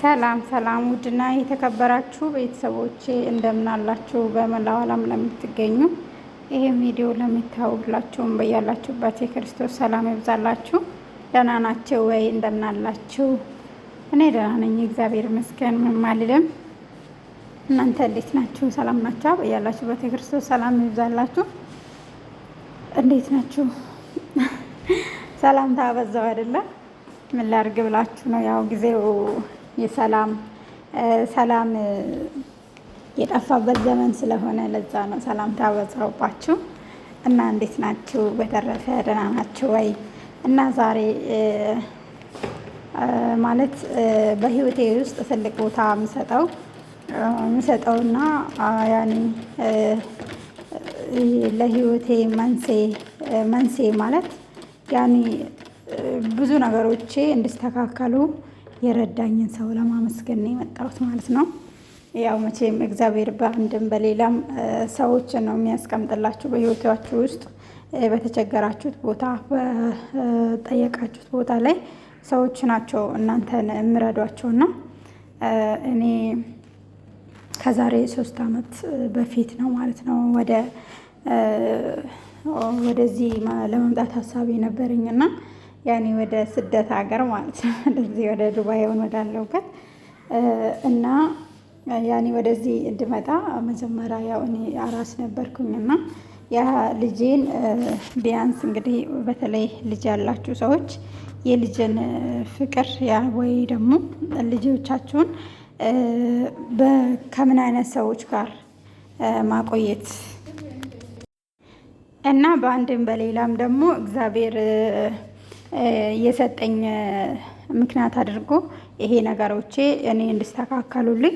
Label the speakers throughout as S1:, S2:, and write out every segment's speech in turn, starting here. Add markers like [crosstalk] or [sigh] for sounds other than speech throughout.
S1: ሰላም ሰላም ውድና የተከበራችሁ ቤተሰቦቼ እንደምናላችሁ። በመላው ዓለም ለምትገኙ ይህም ቪዲዮ ለሚታወቅላችሁም በያላችሁበት የክርስቶስ ሰላም ይብዛላችሁ። ደህና ናቸው ወይ? እንደምናላችሁ? እኔ ደህና ነኝ፣ እግዚአብሔር ይመስገን። ምንም አልልም። እናንተ እንዴት ናችሁ? ሰላም ናችሁ? በያላችሁበት የክርስቶስ ሰላም ይብዛላችሁ። እንዴት ናችሁ? ሰላምታ በዛው አይደለም ምን ላድርግ ብላችሁ ነው ያው ጊዜው የሰላም ሰላም የጠፋበት ዘመን ስለሆነ ለዛ ነው ሰላም በዛውባችሁ። እና እንዴት ናችሁ? በተረፈ ደህና ናችሁ ወይ? እና ዛሬ ማለት በህይወቴ ውስጥ ትልቅ ቦታ የምሰጠው የምሰጠውና ያኔ ለህይወቴ መንሴ ማለት ያኔ ብዙ ነገሮቼ እንዲስተካከሉ የረዳኝን ሰው ለማመስገን ነው የመጣሁት ማለት ነው። ያው መቼም እግዚአብሔር በአንድም በሌላም ሰዎችን ነው የሚያስቀምጥላችሁ በህይወታችሁ ውስጥ በተቸገራችሁት ቦታ፣ በጠየቃችሁት ቦታ ላይ ሰዎች ናቸው እናንተን የምረዷቸውና እኔ ከዛሬ ሶስት አመት በፊት ነው ማለት ነው ወደ ወደዚህ ለመምጣት ሀሳብ የነበረኝ እና ያኔ ወደ ስደት ሀገር ማለት ነው። ወደዚህ [laughs] ወደ ዱባይ ሆን እና ያኔ ወደዚህ እንድመጣ መጀመሪያ ያው እኔ አራስ እና ያ ልጄን ቢያንስ እንግዲህ በተለይ ልጅ ያላችሁ ሰዎች የልጅን ፍቅር ያ ወይ ደግሞ ልጆቻችሁን ከምን አይነት ሰዎች ጋር ማቆየት እና በአንድም በሌላም ደግሞ እግዚአብሔር የሰጠኝ ምክንያት አድርጎ ይሄ ነገሮቼ እኔ እንድስተካከሉልኝ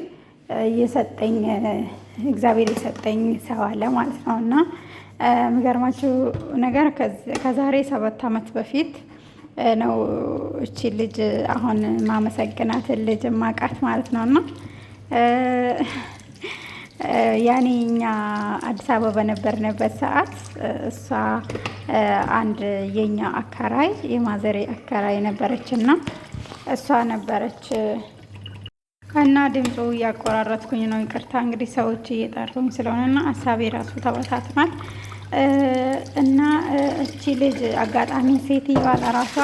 S1: የሰጠኝ እግዚአብሔር የሰጠኝ ሰው አለ ማለት ነው። እና የሚገርማችሁ ነገር ከዛሬ ሰባት ዓመት በፊት ነው እቺ ልጅ አሁን ማመሰግናትን ልጅ ማቃት ማለት ነው እና ያኔ እኛ አዲስ አበባ በነበርንበት ሰዓት እሷ አንድ የኛ አካራይ የማዘሬ አካራይ ነበረች እና እሷ ነበረች እና ድምፁ እያቆራረጥኩኝ ነው፣ ይቅርታ እንግዲህ ሰዎች እየጠሩኝ ስለሆነ እና አሳቤ ራሱ ተበታትኗል። እና እቺ ልጅ አጋጣሚ ሴትዮዋ ራሷ።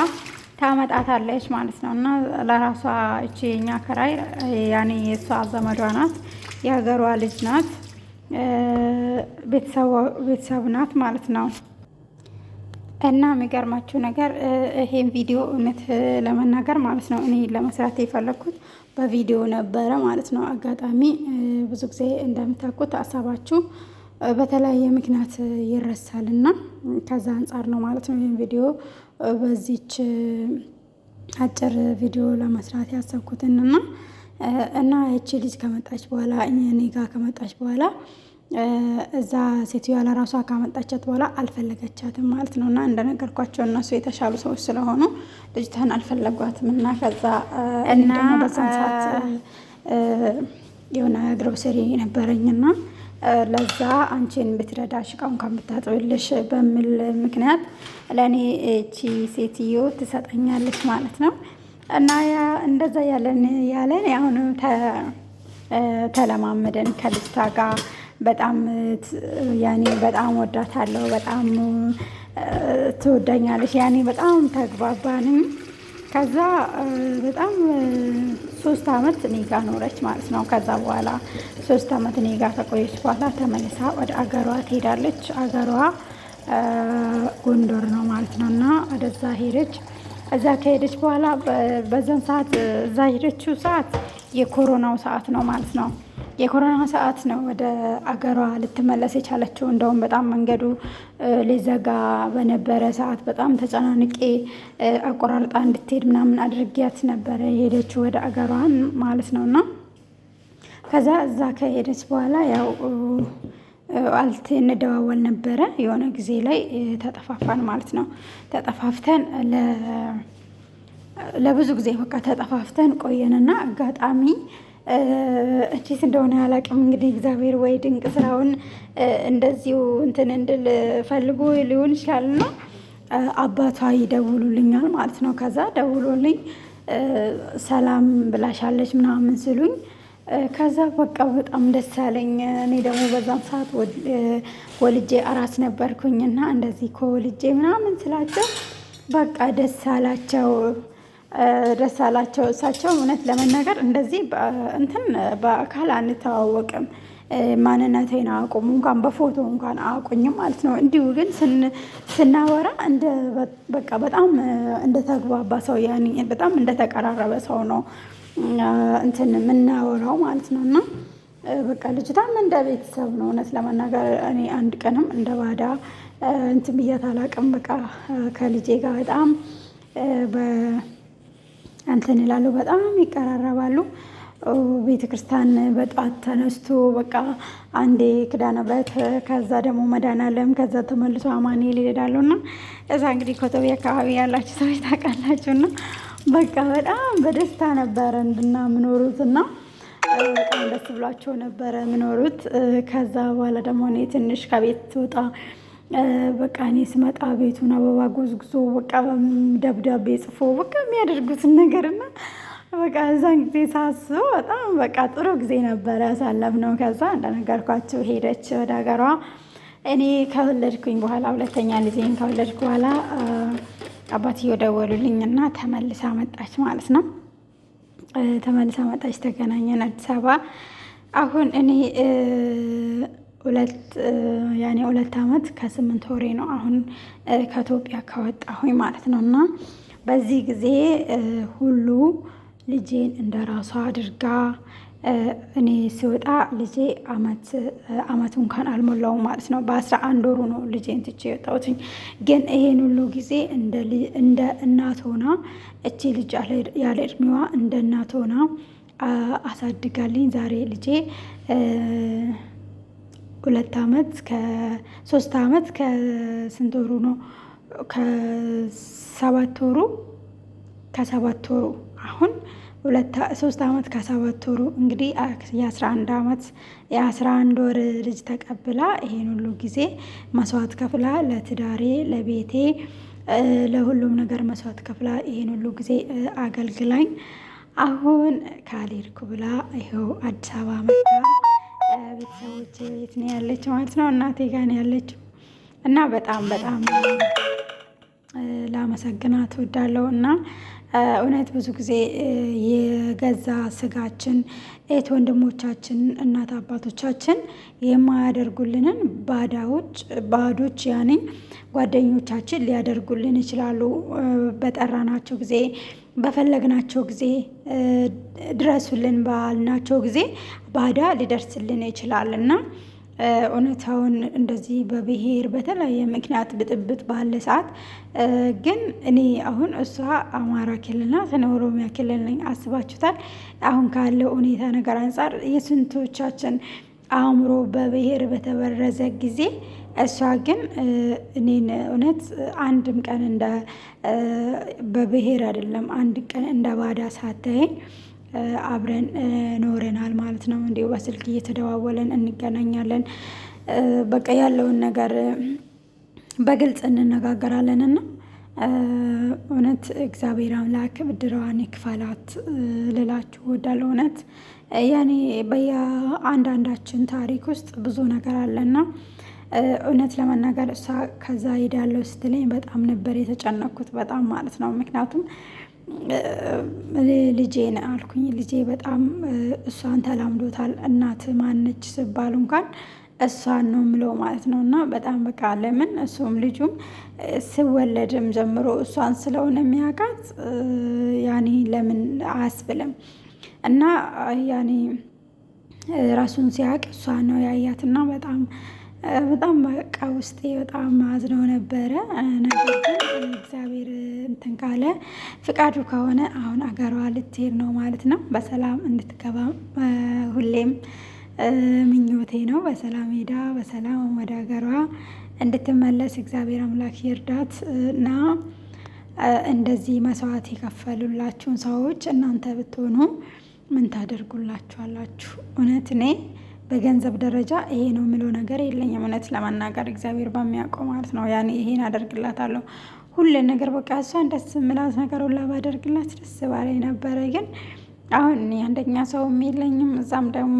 S1: ታመጣታለች ማለት ነው። እና ለራሷ እቺ የኛ ከራይ ያኔ የእሷ ዘመዷ ናት፣ የሀገሯ ልጅ ናት፣ ቤተሰብ ናት ማለት ነው። እና የሚገርማችሁ ነገር ይሄን ቪዲዮ እውነት ለመናገር ማለት ነው እኔ ለመስራት የፈለግኩት በቪዲዮ ነበረ ማለት ነው። አጋጣሚ ብዙ ጊዜ እንደምታውቁት ሀሳባችሁ በተለያየ ምክንያት ይረሳልና ከዛ አንጻር ነው ማለት ነው ይህን ቪዲዮ በዚች አጭር ቪዲዮ ለመስራት ያሰብኩትን እና እና እቺ ልጅ ከመጣች በኋላ እኔ ጋር ከመጣች በኋላ እዛ ሴትዮዋ ለራሷ ካመጣቻት በኋላ አልፈለገቻትም ማለት ነው። እና እንደነገርኳቸው እነሱ የተሻሉ ሰዎች ስለሆኑ ልጅቷን አልፈለጓትም እና ከዛ እና በዛን ሰዓት የሆነ ግሮሰሪ ነበረኝና ለዛ አንቺን ብትረዳ እቃውን ከምታጥብልሽ በሚል ምክንያት ለእኔ እቺ ሴትዮ ትሰጠኛለች ማለት ነው። እና እንደዛ ያለን ያለን አሁንም ተለማመደን ከልጅቷ ጋር በጣም ያኔ በጣም ወዳታለሁ፣ በጣም ትወዳኛለች። ያኔ በጣም ተግባባንም። ከዛ በጣም ሶስት አመት እኔ ጋ ኖረች ማለት ነው። ከዛ በኋላ ሶስት አመት እኔ ጋ ከቆየች በኋላ ተመልሳ ወደ አገሯ ትሄዳለች። አገሯ ጎንደር ነው ማለት ነው እና ወደዛ ሄደች። እዛ ከሄደች በኋላ በዛን ሰዓት እዛ ሄደችው ሰዓት የኮሮናው ሰዓት ነው ማለት ነው። የኮሮና ሰዓት ነው ወደ አገሯ ልትመለስ የቻለችው። እንደውም በጣም መንገዱ ሊዘጋ በነበረ ሰዓት በጣም ተጨናንቄ አቆራርጣ እንድትሄድ ምናምን አድርጊያት ነበረ የሄደችው ወደ አገሯን ማለት ነው። እና ከዛ እዛ ከሄደች በኋላ ያው አልት እንደዋወል ነበረ። የሆነ ጊዜ ላይ ተጠፋፋን ማለት ነው። ተጠፋፍተን ለብዙ ጊዜ በቃ ተጠፋፍተን ቆየንና አጋጣሚ እንዴት እንደሆነ አላውቅም። እንግዲህ እግዚአብሔር ወይ ድንቅ ስራውን እንደዚሁ እንትን እንድል ፈልጎ ሊሆን ይችላል ነው አባቷ ይደውሉልኛል ማለት ነው። ከዛ ደውሎልኝ ሰላም ብላሻለች ምናምን ስሉኝ ከዛ በቃ በጣም ደስ ያለኝ እኔ ደግሞ በዛን ሰዓት ወልጄ አራስ ነበርኩኝና እንደዚህ ከወልጄ ምናምን ስላቸው በቃ ደስ አላቸው ደስ አላቸው። እሳቸው እውነት ለመናገር እንደዚህ እንትን በአካል አንተዋወቅም፣ ማንነቴን አያውቁም፣ እንኳን በፎቶ እንኳን አያውቁኝም ማለት ነው። እንዲሁ ግን ስናወራ በቃ በጣም እንደተግባባ ሰው በጣም እንደተቀራረበ ሰው ነው እንትን የምናወራው ማለት ነው። እና በቃ ልጅቷም እንደ ቤተሰብ ነው። እውነት ለመናገር እኔ አንድ ቀንም እንደ ባዳ እንትን ብያት አላቅም። በቃ ከልጄ ጋር በጣም እንትን ይላሉ፣ በጣም ይቀራረባሉ። ቤተ ክርስቲያን በጧት ተነስቶ በቃ አንዴ ኪዳነምህረት ከዛ ደግሞ መድኃኔዓለም ከዛ ተመልሶ አማኑኤል ይሄዳሉ። እና እዛ እንግዲህ ኮተቤ አካባቢ ያላችሁ ሰዎች ታውቃላችሁ እና በቃ በጣም በደስታ ነበረ እንድና ምኖሩት እና በጣም ደስ ብሏቸው ነበረ ምኖሩት። ከዛ በኋላ ደግሞ እኔ ትንሽ ከቤት ትወጣ በቃ እኔ ስመጣ ቤቱን አበባ ጎዝጉዞ በቃ ደብዳቤ ጽፎ በቃ የሚያደርጉትን ነገር ነገርና በቃ እዛን ጊዜ ሳስበው በጣም በቃ ጥሩ ጊዜ ነበረ ነው። ከዛ እንደነገርኳቸው ሄደች ወደ ሀገሯ። እኔ ከወለድኩኝ በኋላ ሁለተኛ ልጄን ከወለድኩ በኋላ አባትየው ደወሉልኝ እና ተመልሳ መጣች ማለት ነው። ተመልሳ መጣች፣ ተገናኘን አዲስ አበባ። አሁን እኔ ሁለት ያኔ ሁለት አመት ከስምንት ወሬ ነው አሁን ከኢትዮጵያ ከወጣሁኝ ማለት ነው። እና በዚህ ጊዜ ሁሉ ልጄን እንደ ራሷ አድርጋ እኔ ስወጣ ልጄ አመት እንኳን አልሞላውም ማለት ነው። በአስራ አንድ ወሩ ነው ልጄን ትቼ የወጣሁትኝ። ግን ይሄን ሁሉ ጊዜ እንደ እናት ሆና እቺ ልጅ ያለ እድሜዋ እንደ እናት ሆና አሳድጋልኝ። ዛሬ ልጄ ሁለት አመት ከሶስት አመት ከስንት ወሩ ነው? ከሰባት ወሩ ከሰባት ወሩ አሁን ሶስት አመት ከሰባት ወሩ እንግዲህ የአስራ አንድ ዓመት የአስራ አንድ ወር ልጅ ተቀብላ ይሄን ሁሉ ጊዜ መስዋዕት ከፍላ ለትዳሬ ለቤቴ ለሁሉም ነገር መስዋዕት ከፍላ ይሄን ሁሉ ጊዜ አገልግላኝ አሁን ካልሄድኩ ብላ ይኸው አዲስ አበባ መጣ። ቤተሰቦች ቤት ነው ያለችው ማለት ነው። እናቴ ጋር ነው ያለችው እና በጣም በጣም ላመሰግናት እወዳለሁ እና እውነት ብዙ ጊዜ የገዛ ስጋችን እህት ወንድሞቻችን፣ እናት አባቶቻችን የማያደርጉልንን ባዳዎች ባዶች ያኔ ጓደኞቻችን ሊያደርጉልን ይችላሉ። በጠራናቸው ጊዜ በፈለግናቸው ጊዜ ድረሱልን ባልናቸው ጊዜ ባዳ ሊደርስልን ይችላል እና እውነታውን እንደዚህ በብሔር በተለያየ ምክንያት ብጥብጥ ባለ ሰዓት ግን እኔ አሁን እሷ አማራ ክልል ናት፣ እኔ ኦሮሚያ ክልል ነኝ። አስባችሁታል? አሁን ካለው ሁኔታ ነገር አንጻር የስንቶቻችን አእምሮ በብሔር በተበረዘ ጊዜ እሷ ግን እኔን እውነት አንድም ቀን እንደ በብሔር አይደለም አንድ ቀን እንደ ባዳ ሳታየኝ አብረን ኖረናል ማለት ነው። እንዲሁ በስልክ እየተደዋወለን እንገናኛለን። በቃ ያለውን ነገር በግልጽ እንነጋገራለን እና እውነት እግዚአብሔር አምላክ ብድረዋን ክፈላት ልላችሁ እወዳለሁ። እውነት ያኔ በየአንዳንዳችን ታሪክ ውስጥ ብዙ ነገር አለና እውነት ለመናገር እሷ ከዛ ሄዳለሁ ስትለኝ በጣም ነበር የተጨነኩት፣ በጣም ማለት ነው። ምክንያቱም ልጄን አልኩኝ። ልጄ በጣም እሷን ተላምዶታል። እናት ማነች ስባል እንኳን እሷን ነው ምለው ማለት ነው። እና በጣም በቃ ለምን እሱም ልጁም ስወለድም ጀምሮ እሷን ስለሆነ የሚያውቃት ያኔ ለምን አያስብልም እና ያኔ ራሱን ሲያውቅ እሷ ነው ያያትና በጣም በጣም በቃ ውስጤ በጣም አዝነው ነበረ። ነገር ግን እግዚአብሔር እንትን ካለ ፍቃዱ ከሆነ አሁን አገሯ ልትሄድ ነው ማለት ነው። በሰላም እንድትገባ ሁሌም ምኞቴ ነው። በሰላም ሄዳ በሰላም ወደ ሀገሯ እንድትመለስ እግዚአብሔር አምላክ ይርዳት እና እንደዚህ መስዋዕት የከፈሉላችሁን ሰዎች እናንተ ብትሆኑ ምን ታደርጉላችኋላችሁ? እውነት እኔ በገንዘብ ደረጃ ይሄ ነው የምለው ነገር የለኝም። እውነት ለመናገር እግዚአብሔር በሚያውቀው ማለት ነው። ያኔ ይሄን አደርግላታለሁ ሁሉ ነገር በቃ እሷን ደስ የምላት ነገር ሁላ ባደርግላት ደስ ባላይ ነበረ። ግን አሁን አንደኛ ሰውም የለኝም፣ እዛም ደግሞ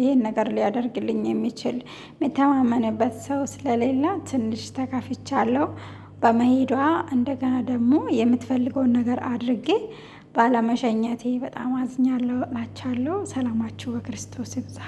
S1: ይሄን ነገር ሊያደርግልኝ የሚችል የምተማመንበት ሰው ስለሌላ ትንሽ አለው በመሄዷ። እንደገና ደግሞ የምትፈልገውን ነገር አድርጌ ባለመሸኘቴ በጣም አዝኛለሁ እላችኋለሁ። ሰላማችሁ በክርስቶስ ይብዛ።